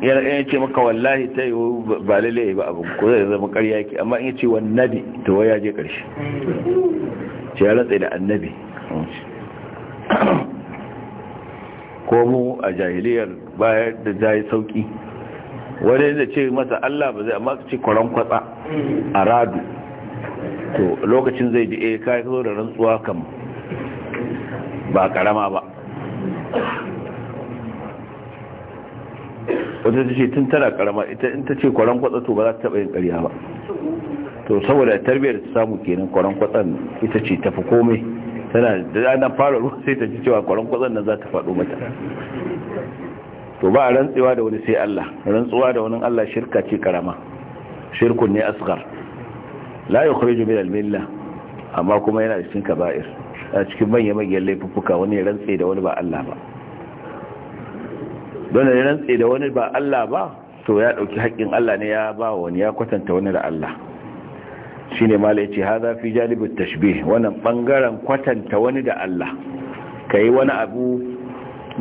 yana ce maka wallahi ta yi ba lalle ba abin ko zai zama karya yake amma in ce wannabi ta waya je ƙarshe ce ya rantsi da annabi ko mu a jahiliyar bayar da ta yi sauki wani da ce masa Allah ba zai amma ce kwaron kwatsa a radu to lokacin zai ji eh kai zo da rantsuwa kam ba karama ba wata ta ce tun tana karama ita in ta ce kwaron kwatsa to ba za ta taba yin ƙarya ba to saboda tarbiyyar ta samu kenan kwaron kwatsa ita ce tafi komai tana da ana fara ruwa sai ta ji cewa kwaron kwazon nan za ta faɗo mata to ba a rantsewa da wani sai Allah rantsuwa da wani Allah shirka ce karama shirkun ne asghar la yukhriju min al-milla amma kuma yana cikin kaba'ir a cikin manyan manyan laifuffuka wani ya rantse da wani ba Allah ba don ya rantse da wani ba Allah ba to ya dauki haƙƙin Allah ne ya ba wani ya kwatanta wani da Allah shine mala yace hadha fi janib tashbih wannan bangaren kwatanta wani da Allah kai wani abu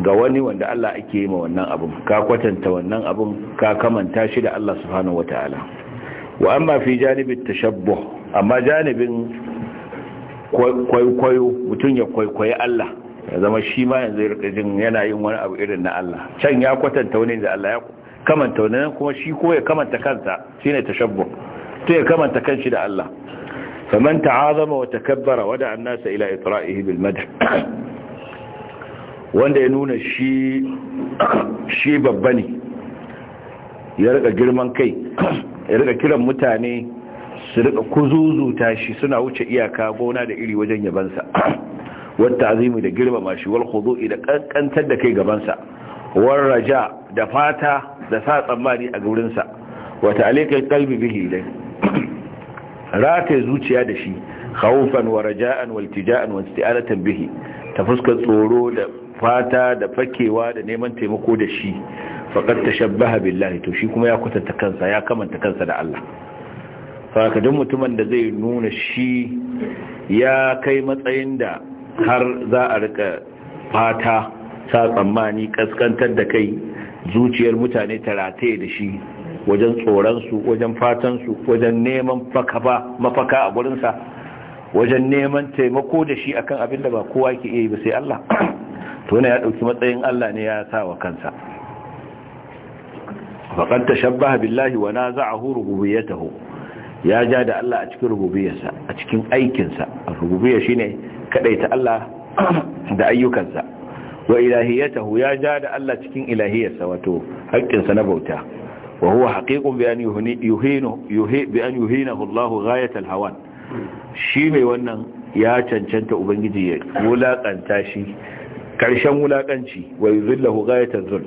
ga wani wanda Allah ake yi ma wannan abun ka kwatanta wannan abun ka kamanta shi da Allah subhanahu wataala wa amma fi janib tashabbuh amma janibin kwaikwayo mutum ya kwaikwayi Allah ya zama shi ma yanzu ya jin yana yin wani abu irin na Allah can ya kwatanta wani da Allah ya kamanta wani kuma shi ko ya kamanta kansa shine tashabbuh mutum ya kamanta kanshi da Allah faman ta'azama wa takabbara wada annasa ila itra'ihi bil madh wanda ya nuna shi shi babba ne ya rika girman kai ya rika kiran mutane su rika kuzuzuta shi suna wuce iyaka gona da iri wajen yabansa wata azimi da girmama shi wal khudu'i da kankantar da kai gabansa war raja da fata da sa tsammani a sa wata alikal qalbi bihi dai rata zuciya da shi khawfan wa raja'an wa iltija'an wa isti'anatan bihi ta fuskar tsoro da fata da fakewa da neman taimako da shi faqad tashabbaha billahi to shi kuma ya kwatanta kansa ya kamanta kansa da Allah saka mutumin da zai nuna shi ya kai matsayin da har za a rika fata sa tsammani kaskantar da kai zuciyar mutane ta rataye da shi wajen su, wajen fatansu wajen neman mafaka a gurinsa wajen neman taimako da shi akan abin da ba kowa ke iya yi ba sai Allah to ne ya dauki matsayin Allah ne ya sa wa kansa faqad tashabbaha billahi wa naza'ahu rububiyyatahu ya ja da Allah a cikin rububiyarsa a cikin aikinsa rububiyya shine kadaita Allah da ayyukansa wa ilahiyatahu ya ja da Allah cikin ilahiyarsa wato haƙƙinsa na bauta وهو حقيق haqiqun bi an yuhinu الله bi الهوان شي مي hawan shi wannan ya cancanta ubangiji ya wulakanta shi karshen wulakanci wa yuzillahu ghayatan zul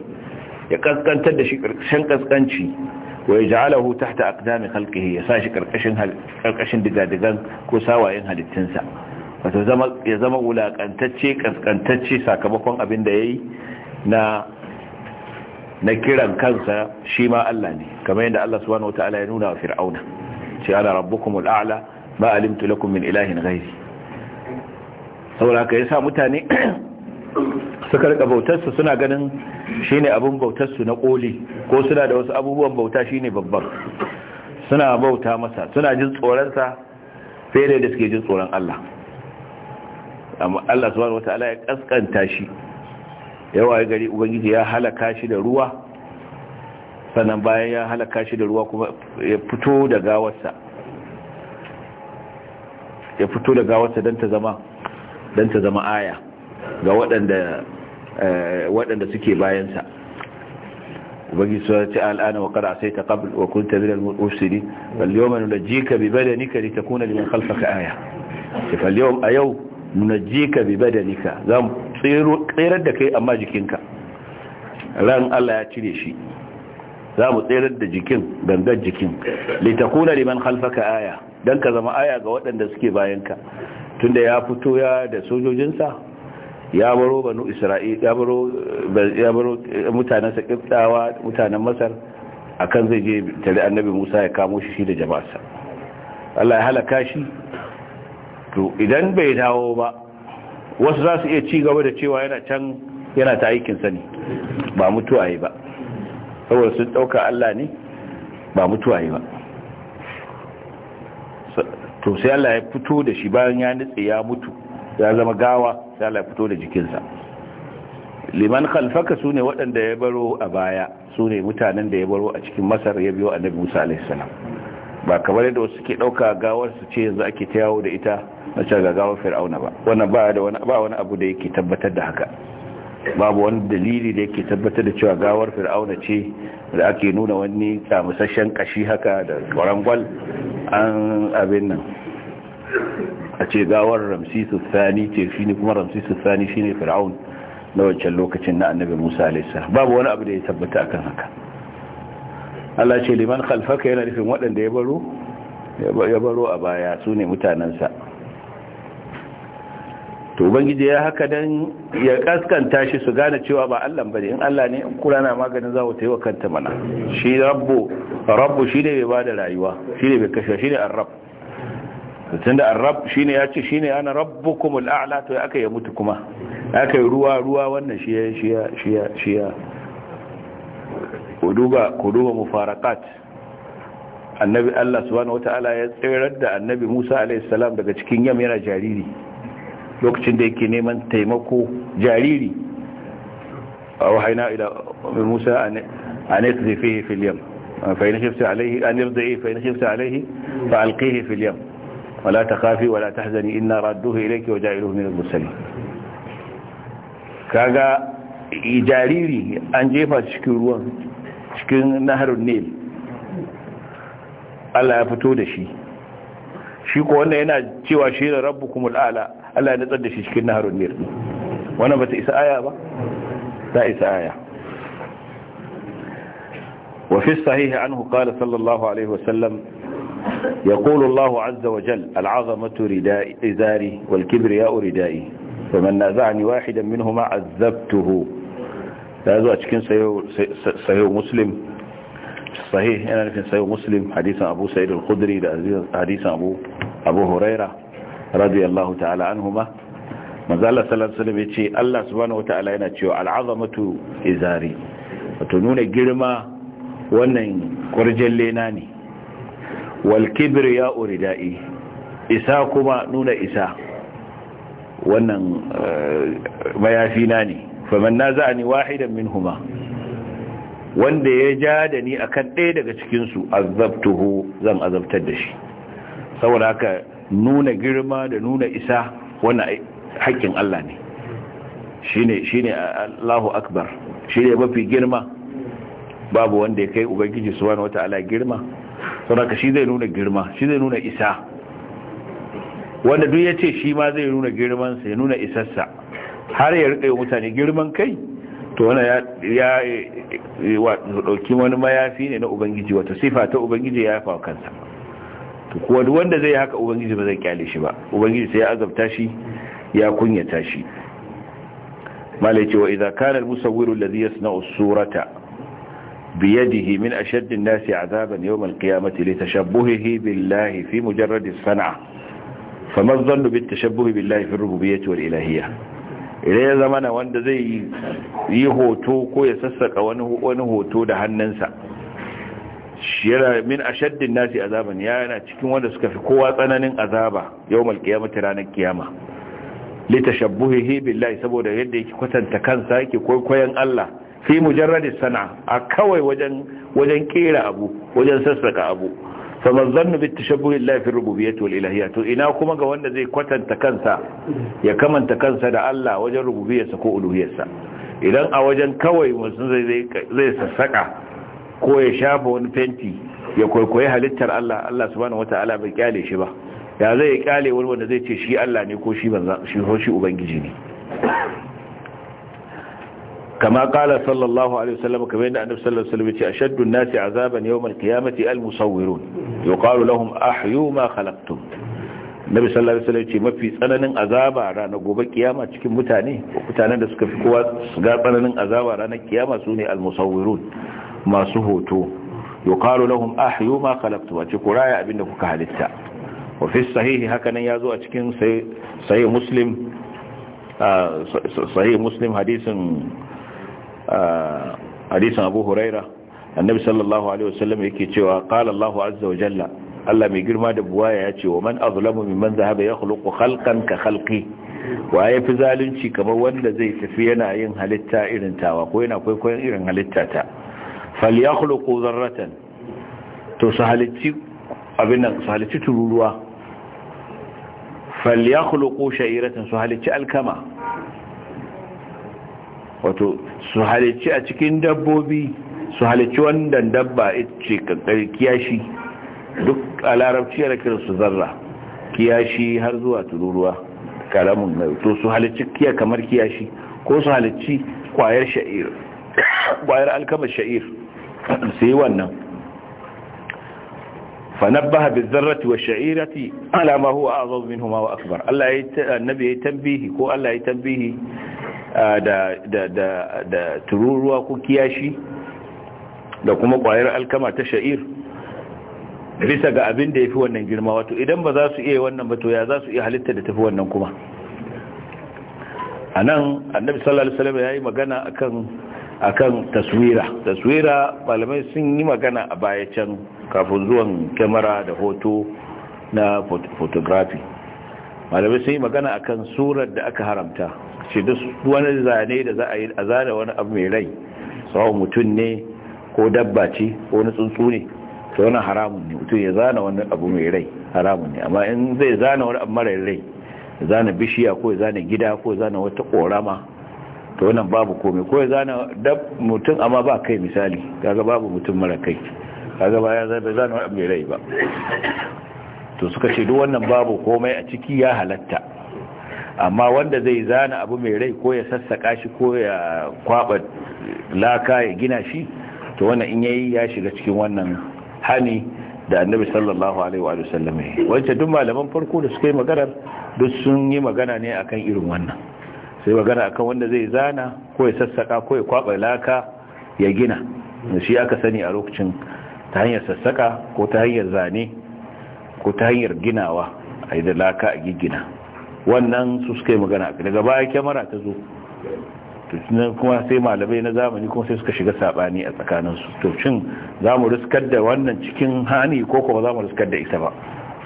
ya kaskantar da shi karshen kaskanci wa yaj'alahu tahta aqdami khalqihi ya sa shi karkashin karkashin digadigan ko sawayen sa wato ya zama wulakantacce kaskantacce sakamakon abin da yayi na na kiran kansa shi ma Allah ne kamar yadda Allah subhanahu wataala ya nuna wa fir'auna shi ana rabbukumul a'la ma alimtu lakum min ilahin ghairi saboda ka sa mutane suka rika bautar suna ganin shine abun bautar na koli ko suna da wasu abubuwan bauta shine babban suna bauta masa suna jin tsoron sa fere da suke jin tsoron Allah amma Allah subhanahu wataala ya kaskanta shi yawa ya gari ubangiji ya halaka shi da ruwa sannan bayan ya halaka shi da ruwa kuma ya fito da gawarsa ya fito da gawarsa don ta zama don ta zama aya ga waɗanda eh, waɗanda suke bayansa ubangiji su ce al'ana wa sai ta kabul wa kunta min al-mufsidin fal yawma nunajjika bi badanika kuna liman khalfaka aya fal yawm ayau munajjika bi badanika za mu tserar da kai amma jikinka ran Allah ya cire shi za mu tserar da jikin gangan jikin litakuna liman khalfaka aya dan ka zama aya ga waɗanda suke bayanka tunda ya fito ya da sojojinsa ya baro banu isra'il ya baro ya baro mutanen sa kiftawa mutanen masar akan zai je tare annabi Musa ya kamo shi da jama'arsa Allah ya halaka shi to idan bai dawo ba wasu za su iya ci gaba da cewa yana can yana ta aikinsa ne ba mutuwa yi ba saboda sun ɗauka Allah ne ba mutuwa yi ba to sai Allah ya fito da shi bayan ya nitse ya mutu ya zama gawa sai Allah ya fito da jikinsa liman khalfaka sune ne waɗanda ya baro a baya sune ne mutanen da ya baro a cikin masar ya biyo annabi musa alaihi salam. ba kamar yadda wasu ke ɗauka gawar su ce yanzu ake ta da ita a ce ga gawar fir'auna ba wannan ba da wani ba wani abu da yake tabbatar da haka babu wani dalili da yake tabbatar da cewa gawar fir'auna ce da ake nuna wani tsamusasshen kashi haka da kwarangwal an abin nan a ce gawar ramsisu sani ce shi ne kuma ramsisu sani shi ne fir'aun na wancan lokacin na annabi musa alaihi babu wani abu da ya tabbata akan haka Allah ce liman khalfaka yana nufin waɗanda ya baro ya baro a baya su ne mutanensa to ubangiji ya haka dan ya kaskanta shi su gane cewa ba Allah bane in Allah ne in kula na maganin zawo ta yi wa kanta mana shi rabbu rabbu ne bai bada rayuwa ne bai kashe shine ar-rabb tunda arrab shi ne ya ce ne ana rabbukumul a'la to aka yi mutu kuma aka yi ruwa ruwa wannan shi ya shi ya shi ya ku duba mufarakat annabi Allah subhanahu wata'ala ya tsirar da annabi Musa a.s. daga cikin yam yana jariri lokacin da yake neman taimako jariri a wahaina ila musa a neta zai fiye filiyam fa'inir da'i fa'inir da'i fa'alƙihe filiyam wala ta kafi wala ta hazari ina raddohi ilai kewa jari ruhu ne da musali jariri an jefa cikin ruwan cikin naharun nil Allah ya fito da shi shi ko yana cewa shi ne kuma ala Allah ya nutsar da shi cikin naharun nil wannan bata isa aya ba ta isa aya wa fi sahih anhu qala sallallahu alaihi wasallam يقول الله عز وجل العظمة ردائي إزاري والكبرياء ردائي فمن نازعني واحدا منهما عذبته da a cikin sayo muslim sahi yana nufin sayo muslim hadisan abu sa'id al da hadisan abu abu huraira radiyallahu ta'ala anhuma manzo Allah sallallahu alaihi wasallam Allah subhanahu ta'ala yana cewa al'azamatu izari wato nuna girma wannan kurjin lena ne ya kibriya dai isa kuma nuna isa wannan eh, mayafina ne faman ni wahidan huma wanda ya ja da ni a kan ɗaya daga cikinsu su azabtuhu zan azabtar da shi saboda haka nuna girma da nuna isa wani haƙƙin Allah ne Shi ne Allahu akbar ne mafi girma babu wanda ya kai ubangiji wata wataala girma saboda shi zai nuna girma shi zai nuna isa wanda duk yace shi ma zai nuna girman ya nuna isarsa har ya riƙe mutane girman kai to wani ya ɗauki wani mayafi ne na ubangiji wata sifa ta ubangiji ya yafa kansa to kuwa wanda zai haka ubangiji ba zai kyale shi ba ubangiji sai ya azabta shi ya kunyata shi malai cewa idza kana al-musawwiru alladhi yasna'u as-surata bi yadihi min ashaddi an-nasi 'adaban yawm al-qiyamati li tashabbuhihi billahi fi mujarrad as-san'a fama dhannu bit tashabbuhi billahi fi ar-rububiyyah wal-ilahiyyah idan ya zama na wanda zai yi hoto ko ya sassaka wani hoto da hannunsa yana min shaddin nasi azaban yana cikin wanda suka fi kowa tsananin azaba yawmal mata ranar kiyama litashabbuhihi billahi saboda yadda yake kwatanta kansa yake kwaikwayon Allah fi mujarradi sana a kawai wajen wajen kera abu wajen sassaka abu fama zannu bi tashabbuhi lillahi fi rububiyyati wal ilahiyyati ina kuma ga wanda zai kwatanta kansa ya kamanta kansa da Allah wajen rububiyyarsa ko uluhiyyarsa idan a wajen kawai mutum zai zai sassaka ko ya shafa wani fenti ya kwaikwayi halittar Allah Allah subhanahu wata'ala bai kyale shi ba ya zai kyale wani wanda zai ce shi Allah ne ko shi banza shi ko shi ubangiji ne kama kala sallallahu alaihi wasallam kamar yadda annabi sallallahu alaihi wasallam ce ashaddu an azaban yawm al-qiyamati al-musawwirun yuqalu lahum ahyu ma khalaqtum nabi sallallahu ce mafi tsananin azaba ranar gobe kiyama cikin mutane mutanen da suka fi kowa ga tsananin azaba ranar kiyama sune al-musawwirun masu hoto yuqalu lahum ahyu ma khalaqtum wa tikuraya abinda kuka halitta wa fi sahihi hakanan yazo a cikin sahih muslim sahih muslim hadisin hadisin abu huraira annabi sallallahu alaihi wasallam yake cewa qala Allahu azza wa jalla Allah mai girma da buwaya ya ce wa man azlamu mimman zahaba yakhluqu khalqan ka khalqi wa ya fi zalunci kamar wanda zai tafi yana yin halitta irin tawa ko yana kwaikwayon irin halitta ta yakhluqu zarratan to su halitti abin nan su halitti tururuwa falyakhluqu sha'iratan su halitti alkama wato su halicci a cikin dabbobi su halicci wannan dabba ce kankan kiyashi duk a larabci yana kira su zarra kiyashi har zuwa tururuwa karamin mai to su halicci kiya kamar kiyashi ko su halicci kwayar sha'ir kwayar alkama sha'ir su yi wannan fanabbaha bi zarrati wa sha'irati ala ma huwa a'zamu minhuma wa akbar Allah ya yi tambihi ko Allah ya tambihi da tururuwa ko kiyashi da kuma kwayar alkama ta sha'ir bisa ga abin da ya fi wannan girma wato idan ba za su iya wannan ba to ya za su iya halitta da tafi wannan kuma a annabi sallallahu alaihi wasallam ya magana akan akan taswira taswira malamai sun yi magana a baya can kafin zuwan kyamara da hoto na photography malamai sun yi magana akan surar da aka haramta ce wani zane da za a yi a zane wani abu mai rai tsawon mutum ne ko dabba ce ko wani tsuntsu ne ta wani haramun ne mutum ya zane wani abu mai rai haramun ne amma in zai zane wani abu mara rai zane bishiya ko zane gida ko zane wata korama ta wannan babu komai ko zane dab mutum amma ba kai misali kaga babu mutum mara kai kaga ba ya zai zane wani abu mai rai ba to suka ce duk wannan babu komai a ciki ya halatta amma wanda zai zana abu mai rai ko ya sassaka shi ko ya kwaba laka ya gina shi to wannan in yayi ya shiga cikin wannan hani da annabi sallallahu alaihi wa sallam wacce duk malaman farko da suka yi magana duk sun yi magana ne akan irin wannan sai magana akan wanda zai zana ko ya sassaka ko ya kwaba laka ya gina shi aka sani a lokacin ta hanyar sassaka ko ta hanyar zane ko ta hanyar ginawa a yi da laka a giggina wannan su suka yi magana daga baya kyamara ta zo tutunan kuma sai malamai na zamani kuma sai suka shiga sabani a tsakaninsu to shin za mu riskar da wannan cikin hani ko kuma za mu riskar da ita ba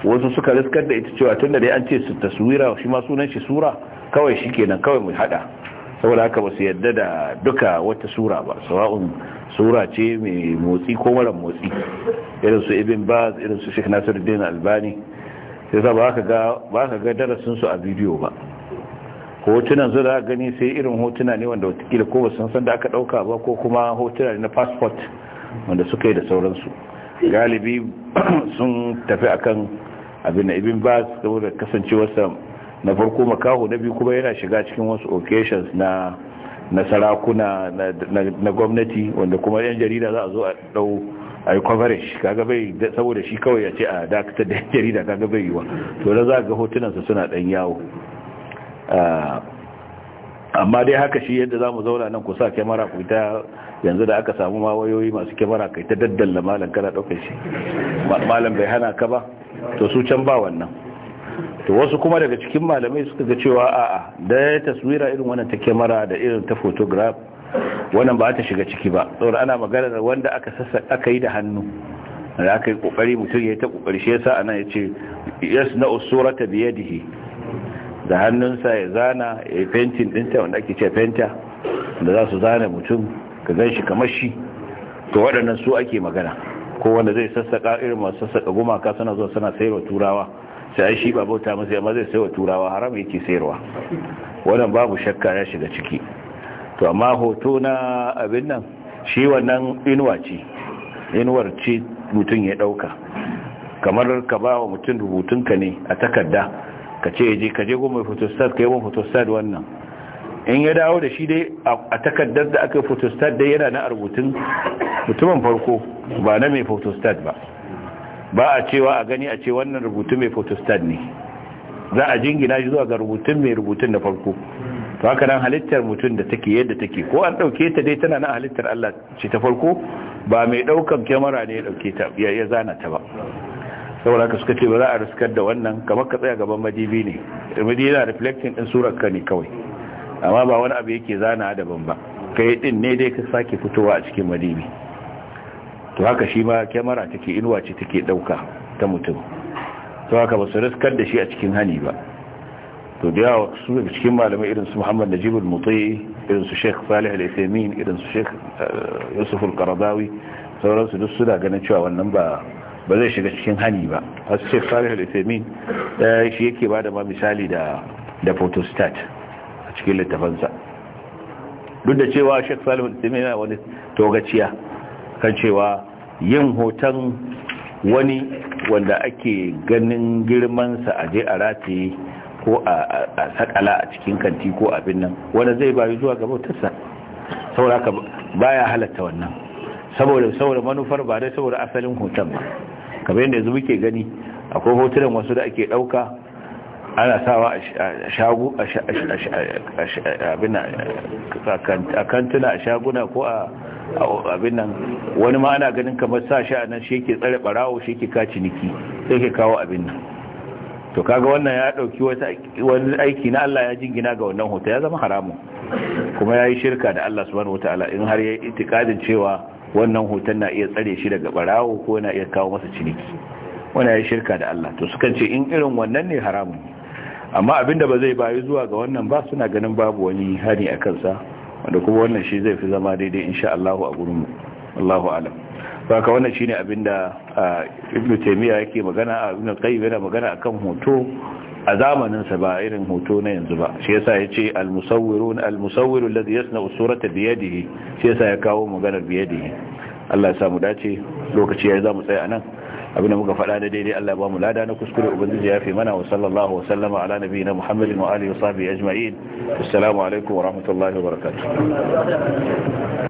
wasu suka riskar da ita cewa tun da dai an ce su taswira shi ma sunan shi sura kawai shi kenan kawai mu hada saboda haka ba su yadda da duka wata sura ba sawa'un sura ce mai motsi ko mara motsi irin su ibn baz irin su sheikh nasiruddin albani sai za ba ka ga darasinsu a bidiyo ba hotunan zuwa da gani sai irin hotuna ne wanda watakila ko basu san da aka dauka ba ko kuma hotuna ne na passport wanda suka yi da sauransu galibi sun tafi akan abin ibin ba saboda kasancewarsa na farko makaho na biyu kuma yana shiga cikin wasu occasions na na sarakuna na gwamnati wanda kuma yan jarida za a zo a dau a yi coverage kaga bai saboda shi kawai ya ce a dakatar da jarida kaga bai wa to da za ga hotunansa suna dan yawo ah, amma dai haka shi yadda za mu zauna nan ku sa kyamara ku ta yanzu da aka samu mawayoyi masu kyamara kai ta daddalla malam kana ɗaukar shi malam bai hana ka ba to su can ba wannan to wasu kuma daga cikin malamai suka ga cewa a'a da taswira irin wannan ta kyamara da irin ta photograph wannan ba ta shiga ciki ba saboda ana magana da wanda aka sassa aka yi da hannu da aka yi kokari mutum ya yi ta kokari shi yasa ana yace yasna usurata bi yadihi da hannunsa ya zana ya fentin dinta wanda ake ce fenta da za su zana mutum ka gan shi kamar shi to waɗannan su ake magana ko wanda zai sassaka irin masu sassaka gumaka suna zuwa suna sayarwa turawa sai shi ba bauta masa amma zai sayarwa turawa haram yake sayarwa wannan babu shakka ya shiga ciki to amma hoto na abin nan shi wannan inuwa ce inuwar ce mutum ya dauka kamar ka ba wa mutum rubutunka ne a takarda ka ce je ka je goma photostat ka yi wa photostat wannan in ya dawo da shi dai a takardar da aka yi photostat dai yana na rubutun mutumin farko ba na mai photostat ba ba a cewa a gani a ce wannan rubutun mai photostat ne za a jingina shi zuwa ga rubutun mai rubutun na farko to haka nan halittar mutum da take yadda take ko an dauke ta dai tana na halittar Allah ce ta farko ba mai daukan kyamara ne ya dauke ta ya zana ta ba saboda haka suka ce ba za a riskar da wannan kamar ka tsaya gaban madibi ne madibi yana reflecting din surar ka ne kawai amma ba wani abu yake zana daban ba kai din ne dai ka sake fitowa a cikin madibi to haka shi ma kyamara take inuwa ce take dauka ta mutum to haka ba su riskar da shi a cikin hani ba to da yawa su daga cikin malamai irin su muhammad najib al-mutai irin su sheikh salih al-isaimin irin su sheikh eh, yusuf al-qaradawi sauransu duk suna ganin cewa wannan ba ba zai shiga cikin hani ba har sheikh salih al-isaimin eh, shi yake ba da ma misali da da photostat a cikin littafansa duk da cewa sheikh salih al-isaimin yana wani togaciya kan cewa yin hoton wani wanda ake ganin girmansa a je a rataye ko a sakala a cikin kanti ko abin nan wanda zai bayu zuwa ga bautarsa saboda ka baya halatta wannan saboda saboda manufar ba dai saboda asalin hoton ba kamar yadda yanzu muke gani akwai hotunan wasu da ake dauka ana sawa a shagu a kantuna a shaguna ko a abin nan wani ma ana ganin kamar sa sha nan shi yake tsare barawo shi yake kaci niki sai ke kawo abin nan to kaga wannan ya dauki wani aiki na Allah ya jingina ga wannan hoto ya zama haramun kuma ya yi shirka da Allah subhanahu wataala in har ya yi itikadin cewa wannan hoton na iya tsare shi daga barawo ko na iya kawo masa ciniki wannan ya yi shirka da Allah to sukan ce in irin wannan ne haramun amma abinda ba zai bayi zuwa ga wannan ba suna ganin babu wani hani a kansa wanda kuma wannan shi zai fi zama daidai insha Allah a gurin Allahu alam saka wannan shine abinda ibn taymiya yake magana ibn qayyim yana magana akan hoto a zamanin sa ba irin hoto na yanzu ba shi yasa yace al musawwirun al musawwir alladhi yasna'u surata bi yadihi shi yasa ya kawo maganar bi yadihi Allah ya samu dace lokaci yayi zamu tsaya anan abin da muka faɗa da daidai Allah ya ba mu lada na kuskure ubangiji ya fi mana wa sallallahu wa sallama ala nabiyina Muhammadin wa alihi wa sahbihi ajma'in assalamu alaikum wa rahmatullahi wa barakatuh